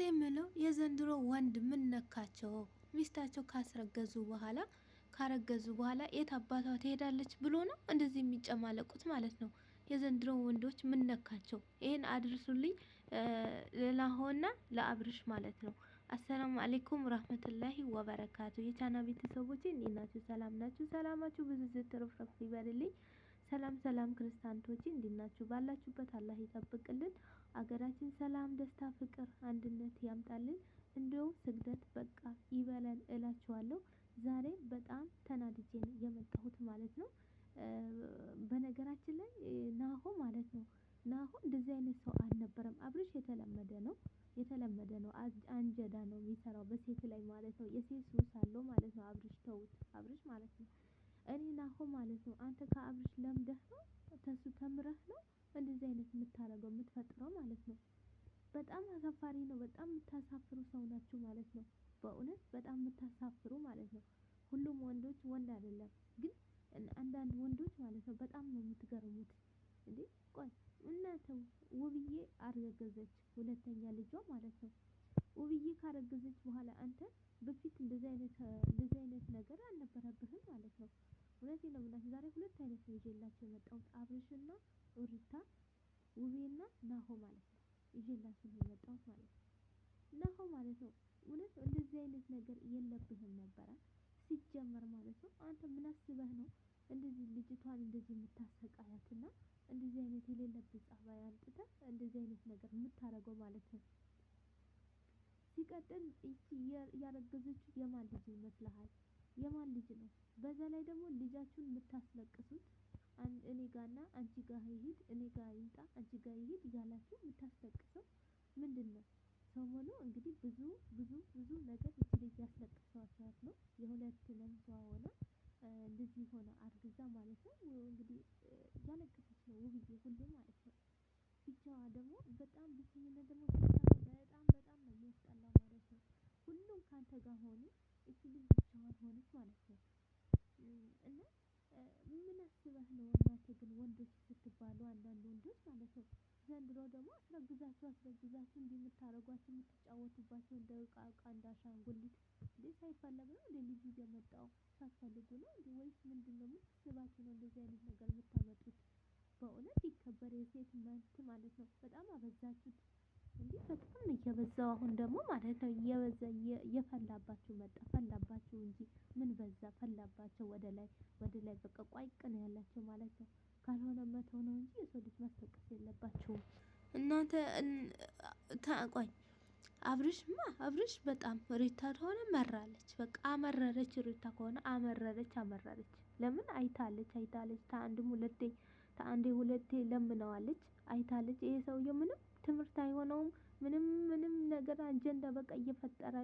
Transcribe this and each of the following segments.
እኔ የምለው የዘንድሮ ወንድ ምን ነካቸው? ሚስታቸው ካስረገዙ በኋላ ካረገዙ በኋላ የት አባቷ ትሄዳለች ብሎ ነው እንደዚህ የሚጨማለቁት ማለት ነው። የዘንድሮ ወንዶች ምን ነካቸው? ይህን አድርሱልኝ ለናሆና ለአብርሽ ማለት ነው። አሰላሙ አሌይኩም ረህመቱላሂ ወበረካቱ። የቻና ቤተሰቦች እንዴት ናችሁ? ሰላም ናችሁ? ሰላማችሁ ብዙ ዝትርፍረፍ ይበልልኝ። ሰላም ሰላም ክርስቲያንቶቼ እንዴት ናችሁ? ባላችሁበት አላህ ይጠብቅልን። አገራችን ሰላም፣ ደስታ፣ ፍቅር፣ አንድነት ያምጣልን። እንደውም ስግደት በቃ ይበለን እላችኋለሁ። ዛሬ በጣም ተናድጄ ነው የመጣሁት ማለት ነው። በነገራችን ላይ ናሆ ማለት ነው ናሆ እንደዚህ አይነት ሰው አልነበረም። አብርሽ የተለመደ ነው የተለመደ ነው አንጀዳ ነው የሚሰራው በሴት ላይ ማለት ነው። የሴት ሱስ አለው ማለት ነው። አብርሽ ተውት፣ አብርሽ ማለት ነው። እኔ ናሆ ማለት ነው አንተ ከአብርሽ ለምደህ ነው ከሱ ተምረህ ነው የምታደርገው የምትፈጥረው ማለት ነው። በጣም አሳፋሪ ነው። በጣም የምታሳፍሩ ሰው ናችሁ ማለት ነው። በእውነት በጣም የምታሳፍሩ ማለት ነው። ሁሉም ወንዶች ወንድ አይደለም፣ ግን አንዳንድ ወንዶች ማለት ነው በጣም ነው የምትገርሙት። እንዴ ቆይ እናተው ውብዬ አረገዘች ሁለተኛ ልጇ ማለት ነው። ውብዬ ካረገዘች በኋላ አንተ በፊት እንደዚህ አይነት ነገር አልነበረብህም ማለት ነው። እውነቴን ነው የምልህ ዛሬ ሁለት አይነት ልጅ የላቸው የመጣሁት እና ሩታ ውቤና ናሆ ማለት ነው። ይዤላችሁ የመጣሁት ማለት ነው። ናሆ ማለት ነው እውነት እንደዚህ አይነት ነገር የለብህም ነበረ ሲጀመር ማለት ነው። አንተ ምን አስበህ ነው እንደዚህ ልጅቷን እንደዚህ የምታሰቃያትና እንደዚህ አይነት የሌለብህ ጸባይ አምጥተህ እንደዚህ አይነት ነገር የምታደርገው ማለት ነው። ሲቀጥል እቺ ያረገዘችው የማን ልጅ ይመስልሃል? የማን ልጅ ነው? በዛ ላይ ደግሞ ልጃችሁን የምታስለቅሱት እኔ ጋርና አንቺ ጋር ይሂድ እኔ ጋር ይምጣ አንቺ ጋር ይሂድ እያላችሁ የምታስለቅሰው ምንድን ነው? ሰሞኑ እንግዲህ ብዙ ብዙ ብዙ ነገር ይቺ ልጅ ያስለቅሰዋት ነው። የሁለት ለምሷ ሆና ልጅ ሆና አርግዛ ማለት ነው። እንግዲህ እያለቀሰች ነው ውብዬ ሁሌ ማለት ነው። ብቻዋ ደግሞ በጣም ብቸኝነት ደግሞ በጣም በጣም ነው የሚያስጠላ ማለት ነው። ሁሉም ካንተ ጋር ሆኑ እቺ ልጅ ብቻዋን ሆነች ማለት ነው እና ምን አስበህ ነው እናቴ? ግን ወንዶች ስትባሉ አንዳንድ ወንዶች ማለት ነው ዘንድሮ ደግሞ አስረግዛችሁ አስረግዛችሁ እንዲህ የምታረጓቸው የምትጫወቱባቸው እንደ እቃ እቃ እንደ አሻንጉሊት እንዴ ሳይፈለግ ነው እንደ ልጅ የመጣው ሳትፈልጉ ነው እንዲ ወይስ ምንድን ነው? ምን ነው እንደዚህ አይነት ነገር የምታመጡት? በእውነት ይከበር የሴት መብት ማለት ነው። በጣም አበዛችሁት። እንዲህ በጣም እየበዛው አሁን ደግሞ ማለት ነው እየበዛ እየፈላባቸው መጣ። ፈላባቸው እንጂ ምን በዛ ፈላባቸው። ወደ ላይ ወደ ላይ በቃ ቋይቅን ያላቸው ማለት ነው። ካልሆነ መተው ነው እንጂ የሰው ልጅ ማስጠቀስ የለባቸውም። እናንተ ታቋኝ ማ አብርሽ በጣም ሪታ ከሆነ መራለች። በቃ አመረረች። ሪታ ከሆነ አመረረች አመረረች። ለምን አይታለች አይታለች። ተአንድም ሁለቴ ተአንዴ ሁለቴ ለምነዋለች አይታለች። ይሄ ሰውዬ ምንም ትምህርት አይሆነውም። ምንም ምንም ነገር አጀንዳ በቃ እየፈጠረ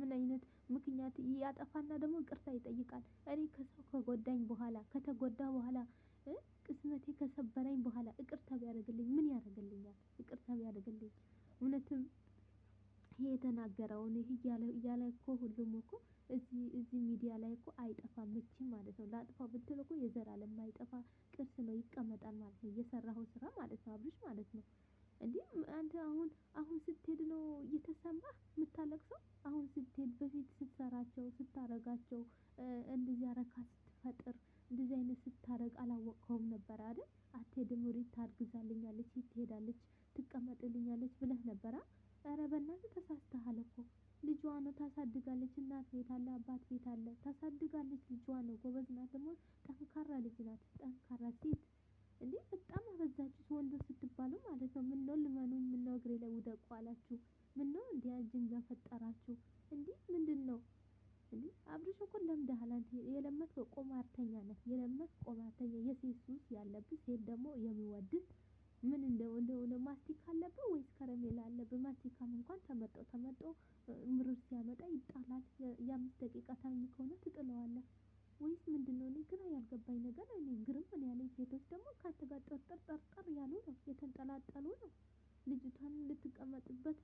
ምን አይነት ምክንያት ያጠፋና ደግሞ ይቅርታ ይጠይቃል። እኔ ከሰው ከጎዳኝ በኋላ ከተጎዳ በኋላ ቅስመቴ ከሰበረኝ በኋላ እቅርታ ቢያደርግልኝ ምን ያደርግልኛል? እቅርታ ቢያደርግልኝ እውነትም ይሄ የተናገረውን ይሄ እያለ እኮ ሁሉም እኮ እዚህ ሚዲያ ላይ እኮ አይጠፋም መቼም ማለት ነው። ላጥፋ ብትል እኮ የዘላለም አይጠፋ ቅርስ ነው ይቀመጣል ማለት ነው። የሰራኸው ስራ ማለት ነው አብርሽ ማለት ነው። እንዴ አንተ አሁን አሁን ስትሄድ ነው እየተሰማህ የምታለቅሰው? አሁን ስትሄድ በፊት ስትሰራቸው ስታረጋቸው እንደዚህ አረካ ስትፈጥር እንደዚህ አይነት ስታረግ አላወቅከውም ነበር አይደል? አትሄድም ሪት ታርግዛልኛለች ትሄዳለች ትቀመጥልኛለች ብለህ ነበራ። ኧረ በእናትህ ተሳስተሃል እኮ ልጇ ነው ታሳድጋለች። እናት ቤት አለ አባት ቤት አለ ታሳድጋለች። ልጇ ነው ጎበዝ ናት፣ ደግሞ ጠንካራ ልጅ ናት፣ ጠንካራ ሴት እንዴ በጣም አበዛችሁት ወንዶች ስትባሉ ማለት ነው። ምን ነው ልመኑኝ፣ ነው እግሬ ላይ ውደቁ አላችሁ። ነው እንዲ አጅንጃን ፈጠራችሁ። እንዲህ ምንድን ነው እንዴ? አብርሽ እኮ ለምደሃል አንተ። የለመት ቆማርተኛ ነህ፣ የለመት ቆማርተኛ፣ የሴት ሱስ ያለብህ፣ ሴት ደግሞ የሚወድህ ምን እንደው እንደው ነው ማስቲካ አለብህ ወይስ ከረሜላ አለብህ? ማስቲካም እንኳን ተመጦ ተመጦ ምሩር ሲያመጣ ይጣላል። የአምስት ደቂቃ ታኝ ከሆነ ትጥለዋለህ። ወይስ ምንድን ነው? እኔ ግራ ያልገባኝ ነገር እኔ ግርም ነው ያለኝ። ሴቶች ደግሞ ከአንተ ጋር ጠርጠር ጠርጠር ያሉ ነው፣ የተንጠላጠሉ ነው። ልጅቷን ልትቀመጥበት፣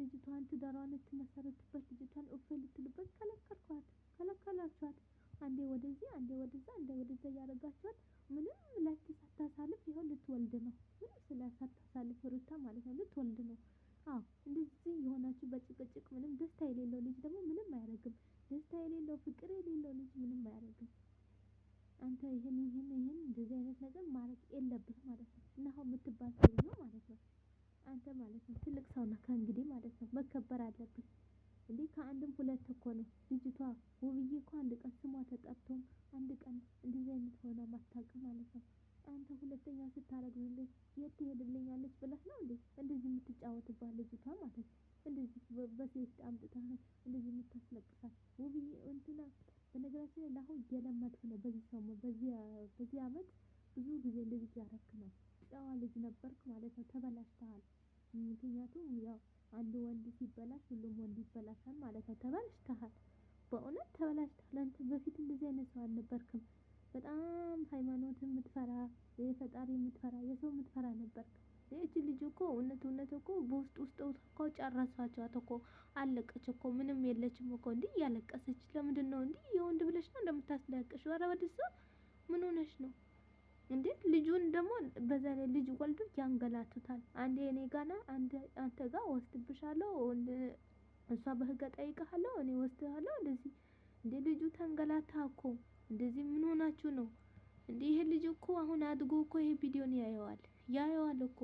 ልጅቷን ትዳሯን ልትመሰርትበት፣ ልጅቷን እፍ ልትልበት ከለከልኳት፣ ከለከላችኋት። አንዴ ወደዚህ፣ አንዴ ወደዛ፣ አንዴ ወደዛ እያደረጋችኋት ምንም ላኪ ሳታሳልፍ ይኸው ልትወልድ ነው። ምንም ስለ ሳታሳልፍ ሩታ ማለት ነው ልትወልድ ነው። አዎ እንደዚህ የሆናችሁ በጭቅጭቅ ምንም ደስታ የሌለው ልጅ ደግሞ ምንም አያደርግም። ደስታ የሌለው ፍቅር የሌለው ልጅ ምንም አንተ ይህን ይህን ይህን እንደዚህ አይነት ነገር ማለት የለብህ ማለት ነው። እና አሁን የምትባል ሰው ነው ማለት ነው። አንተ ማለት ነው ትልቅ ሰው ነው ከእንግዲህ ማለት ነው። መከበር አለብህ እንዴ! ከአንድም ሁለት እኮ ነው ልጅቷ ውብዬ እኮ አንድ ቀን ስሟ ተጠርቶም አንድ ቀን እንደዚህ አይነት ሆነ ማታውቅም ማለት ነው። አንተ ሁለተኛ ስታረግዝልኝ የት ትሄድልኛለች ብለህ ነው እንዴ እንደዚህ የምትጫወትባት ልጅቷ ማለት ነው። እንደዚህ በሴት አምጥተህ ነው እንደዚህ የምታስለቅሳት ውብዬ እንትና በነገራችን ላይ አሁን እየለመድኩ ነው። በዚህ ሰሞን በዚህ አመት ብዙ ጊዜ እንደዚህ እያረክ ነው። ጨዋ ልጅ ነበርክ ማለት ነው። ተበላሽተሃል። ምክንያቱም ያው አንድ ወንድ ሲበላሽ ሁሉም ወንድ ይበላሻል ማለት ነው። ተበላሽተሃል። በእውነት ተበላሽተሃል። አንተ በፊት እንደዚህ አይነት ሰው አልነበርክም። በጣም ሃይማኖት የምትፈራ የፈጣሪ የምትፈራ የሰው የምትፈራ ነበርክ። ይህች ልጅ እኮ እውነት እውነት እኮ በውስጥ ውስጥ እኮ ጨረሳችኋት እኮ አለቀች እኮ ምንም የለችም እኮ እንዲህ እያለቀሰች ለምንድን ነው እንዲህ የወንድ ብለሽ ነው እንደምታስለቅሽ? ኧረ በድሳ ምን ሆነሽ ነው እንዴ? ልጁን ደግሞ በዛ ላይ ልጅ ወልዶ ያንገላቱታል። አንዴ እኔ ጋና አንተ ጋ ወስድብሻለሁ፣ እሷ በህገ ጠይቀሃለሁ፣ እኔ ወስድሃለሁ። እንደዚህ እንዴ ልጁ ተንገላታ እኮ እንደዚህ ምን ሆናችሁ ነው እንዴ? ይሄ ልጅ እኮ አሁን አድጎ እኮ ይሄ ቪዲዮን ያየዋል። ያየዋል እኮ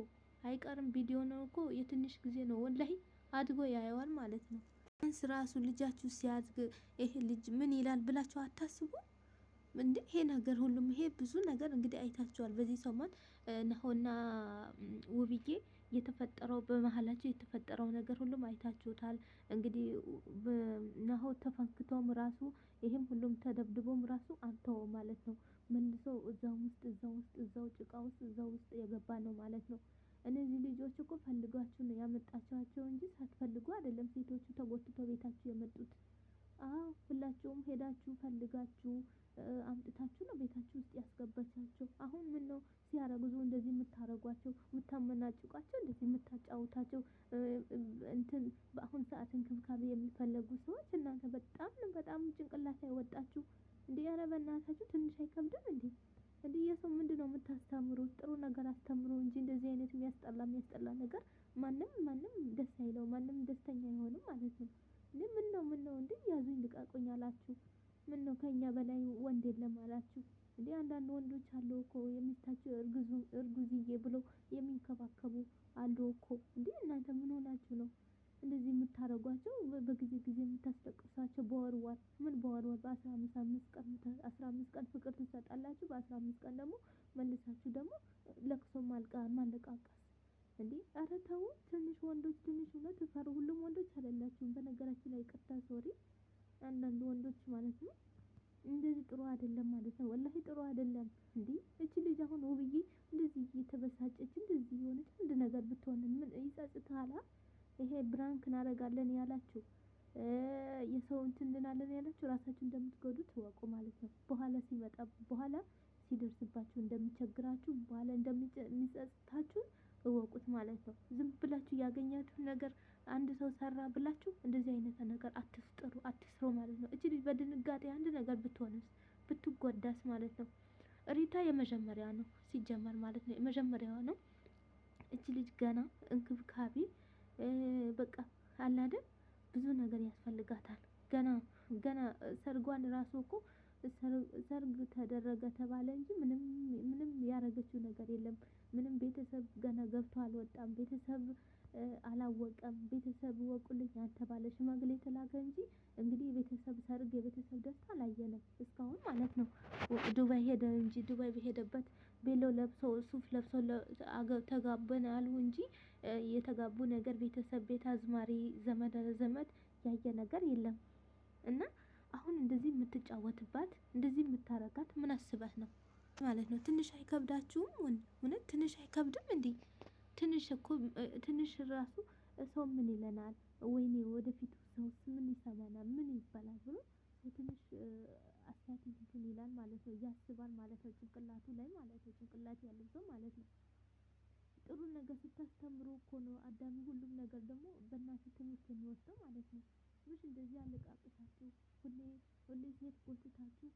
አይቀርም። ቪዲዮ ነው እኮ የትንሽ ጊዜ ነው፣ ወላሂ አድጎ ያየዋል ማለት ነው። ቢያንስ ራሱ ልጃችሁ ሲያድግ ይሄ ልጅ ምን ይላል ብላችሁ አታስቡ እንዴ? ይሄ ነገር ሁሉም ይሄ ብዙ ነገር እንግዲህ አይታችኋል። በዚህ ሰሞን ነሆና ውብዬ የተፈጠረው በመሀላቸው የተፈጠረው ነገር ሁሉም አይታችሁታል። እንግዲህ ነሆ ተፈንክቶም ራሱ ይህም ሁሉም ተደብድቦም ራሱ አንተው ማለት ነው መልሶ እዛው ውስጥ እዛው ውስጥ እዛው ጭቃ ውስጥ እዛው ውስጥ የገባ ነው ማለት ነው። እነዚህ ልጆች እኮ ፈልጓቸው ነው እንጂ ሳትፈልጉ አይደለም ሴቶቹ ተጎትተው ቤታችሁ የመጡት። አዎ ሁላችሁም ሄዳችሁ ፈልጋችሁ አምጥታችሁ ነው ቤታችሁ ውስጥ ያስገባቻቸው። አሁን ምን ነው ሲያረግዙ እንደዚህ የምታረጓቸው የምታመናጭቋቸው፣ እንደዚህ የምታጫውታቸው እንትን በአሁን ሰዓት እንክብካቤ የሚፈለጉ ሰዎች እናንተ በጣም በጣም ጭንቅላት አይወጣችሁ። እንዴ ኧረ በእናታችሁ ትንሽ አይከብድም እንዴ? እንዴ የሰው ምንድን ነው የምታስተምሩት? ጥሩ ነገር አስተምሩ እንጂ እንደዚህ አይነት የሚያስጠላ የሚያስጠላ ነገር ማንም ማንም ደስ አይለው ማንም ደስተኛ አይሆንም ማለት ነው። ግን ምን ነው ምን ነው እንዴ ያዙኝ ልቃቁኝ አላችሁ? ምን ነው ከኛ በላይ ወንድ የለም አላችሁ? እንዴ አንዳንድ ወንዶች አሉ እኮ የሚስታቸው እርጉዝዬ ብለው የሚንከባከቡ አሉ እኮ። እንዴ እናንተ ምን ሆናችሁ ነው? እንደዚህ የምታደርጓቸው በጊዜ ጊዜ የምታስጠቅሷቸው በወር ወር ምን በወር ወር በአስራ አምስት አምስት ቀን አስራ አምስት ቀን ፍቅር ትሰጣላችሁ። በአስራ አምስት ቀን ደግሞ መልሳችሁ ደግሞ ለቅሶ ማለቃቀስ እንዴ! ኧረ ተው። ትንሽ ወንዶች ትንሽ እውነት ፈሩ። ሁሉም ወንዶች አይደላችሁም። በነገራችን ላይ ቅርታ ሶሪ፣ አንዳንድ ወንዶች ማለት ነው እንደዚህ ጥሩ አይደለም ማለት ነው። ወላሂ ጥሩ አይደለም። እንዴ እቺ ልጅ አሁን ውብዬ እንደዚህ እየተበሳጨች እንደዚህ የሆነች አንድ ነገር ብትሆን ምን ይጸጽታላ? ፕራንክ እናደርጋለን ያላችሁ የሰው እንትን እንላለን ያላችሁ ራሳችሁ እንደምትጎዱ ትወቁ ማለት ነው። በኋላ ሲመጣ በኋላ ሲደርስባችሁ እንደሚቸግራችሁ በኋላ እንደሚጸጽታችሁ እወቁት ማለት ነው። ዝም ብላችሁ ያገኛችሁ ነገር አንድ ሰው ሰራ ብላችሁ እንደዚህ አይነት ነገር አትፍጥሩ፣ አትስሩ ማለት ነው። እች ልጅ በድንጋጤ አንድ ነገር ብትሆንስ ብትጎዳስ ማለት ነው። ሪታ የመጀመሪያ ነው ሲጀመር ማለት ነው። የመጀመሪያዋ ነው። እች ልጅ ገና እንክብካቤ በቃ አላደን ብዙ ነገር ያስፈልጋታል። ገና ገና ሰርጓን ራሱ እኮ ሰርግ ተደረገ ተባለ እንጂ ምንም ምንም ያደረገችው ነገር የለም። ምንም ቤተሰብ ገና ገብቶ አልወጣም። ቤተሰብ አላወቀም። ቤተሰብ ወቁልኝ አልተባለ ሽማግሌ የተላከ እንጂ እንግዲህ የቤተሰብ ሰርግ የቤተሰብ ደስታ አላየንም እስካሁን ማለት ነው። ዱባይ ሄደ እንጂ ዱባይ በሄደበት ቤሎ ለብሶ ሱፍ ለብሶ ተጋበን አሉ እንጂ የተጋቡ ነገር ቤተሰብ ቤት አዝማሪ ዘመድ ዘመድ ያየ ነገር የለም። እና አሁን እንደዚህ የምትጫወትባት እንደዚህ የምታረጋት ምን አስበህ ነው ማለት ነው? ትንሽ አይከብዳችሁም? እውነት ትንሽ አይከብድም እንዴ? ትንሽ እኮ ትንሽ ራሱ ሰው ምን ይለናል፣ ወይኔ ወደፊት ሰው ምን ይሰማናል፣ ምን ይባላል ብሎ የትንሽ አስተያየት እንትን ይላል ማለት ነው፣ ያስባል ማለት ነው፣ ጭንቅላቱ ላይ ማለት ነው፣ ጭንቅላት ያለው ሰው ማለት ነው። ጥሩ ነገር ስታስተምሩ እኮ ነው አዳሚ ሁሉም ነገር ደግሞ በእናንተ ትምህርት የሚወስደው ማለት ነው። ትንሽ እንደዚህ አለቃቅሳችሁ ሁሌ ሁሌ ሴት ጎትታችሁ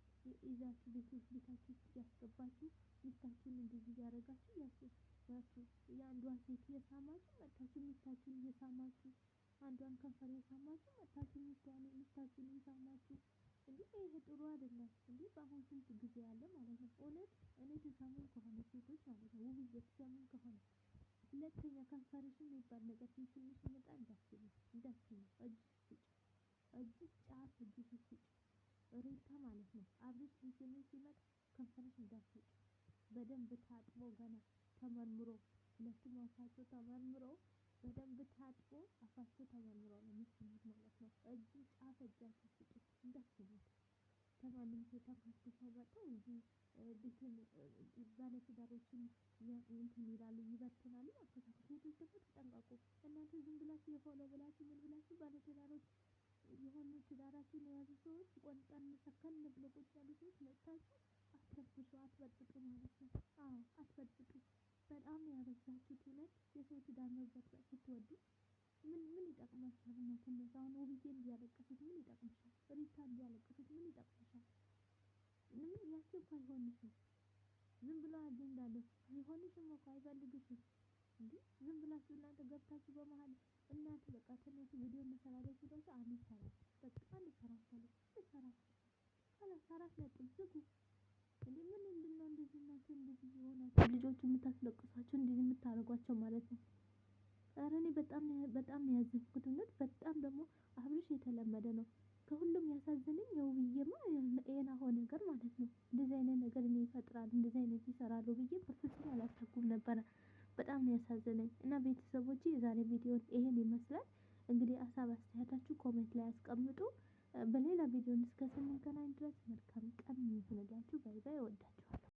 ይዛችሁ ቤቶች ቤታችሁ ያስገባችሁ ሚስታችሁን እንደዚህ እያደረጋችሁ ያችሁ የአንዷን ሴት እየሳማችሁ መታችሁ ሚስታችሁን እየሳማችሁ አንዷን ከንፈር እየሳማችሁ መታችሁ ሚስታችሁን እየሳማችሁ እንዴ ይሄ ጥሩ አይደለም። እንዴ በአሁን ስንት ጊዜ ያለ ማለት ነው። እውነት እኔ ሲሰሙን ከሆነ ሴቶች ማለት ነው ውብዬ ሲሰሙን ከሆነ ሁለተኛ ከንፈርሽን የሚባል ነገር ትንሽ ይመጣ እንዳስቡ እንዳስቡ እጅሽ ስጭ፣ እጅ ጫፍ እጅ ስጭ ሬታ ማለት ነው። አብረሽ ሊስምን ሲመጣ ከንፈርሽ እንዳስጭ በደንብ ታጥቦ ገና ተመርምሮ ሁለቱም አሳቸው ተመርምሮ በደንብ ታጥቦ አፋችሁ ተመርምሯል የምትሉት ማለት ነው። እጁ ጫፍ እጃችሁ ስጡት እንዳስቡት። ከማንም ሰው ተፋትተው መጥተው እዚህ ቤትን ባለትዳሮችን እንትን ይላሉ ይበትናሉ። አስተካክሉ። ሴቶች ደግሞ ተጠንቀቁ። እናንተ ዝም ብላችሁ የሆነ ብላችሁ ምን ብላችሁ ባለትዳሮች የሆኑ ትዳራችን የያዙ ሰዎች ቆንጠን ሰከን ብለው ቁጭ ያሉ ሰዎች መጥታችሁ አትረብሹ፣ አትበጥጡ ማለት ነው። አዎ አትበጥጡ። በጣም ያበዛችሁት ሁለት የሰው ትዳር መበጥበጥ ስትወዱ ምን ምን ይጠቅማችኋል? እውነቱን ነው። አሁን ውብዬ እንዲያለቀሱት ምን ይጠቅምሻል? ሪታ እንዲያለቀሱት ምን ይጠቅምሻል? ምን ያስብ አይሆንሽም። ዝም ብሎ አጀንዳ አለ እኮ አይፈልግሽም። እንዲ ዝም ብላችሁ እናንተ ገብታችሁ በመሀል እናንተ በቃ ተነሱ ቪዲዮ እንሰራለን ሲሏችሁ አንሰራም፣ በቃ አንሰራም ካሉ እንሰራም ካለ አራት ነጥብ ዝጉ። እንደምን ምንድነው እንደዚህ እናንተ እንደዚህ የሆናችሁ ልጆች የምታስለቅሷቸው እንደዚህ የምታደርጓቸው ማለት ነው። ኧረ እኔ በጣም በጣም ያዘንኩት እውነት በጣም ደግሞ አብርሽ የተለመደ ነው። ከሁሉም ያሳዝነኝ የውብዬማ የናሆን ነገር ማለት ነው። እንደዚህ አይነት ነገር እኔ ይፈጥራሉ እንደዚህ አይነት ይሰራሉ ብዬ በፍጹም አላሰብኩም ነበረ። በጣም ነው ያሳዘነኝ እና ቤተሰቦች የዛሬ ቪዲዮ ይሄን ይመስላል። እንግዲህ ሀሳብ አስተያየታችሁ ኮሜንት ላይ አስቀምጡ። በሌላ ቪዲዮ እስከ ስንገናኝ ድረስ መልካም ቀን ይሁንላችሁ። ባይ ባይ። እወዳችኋለሁ።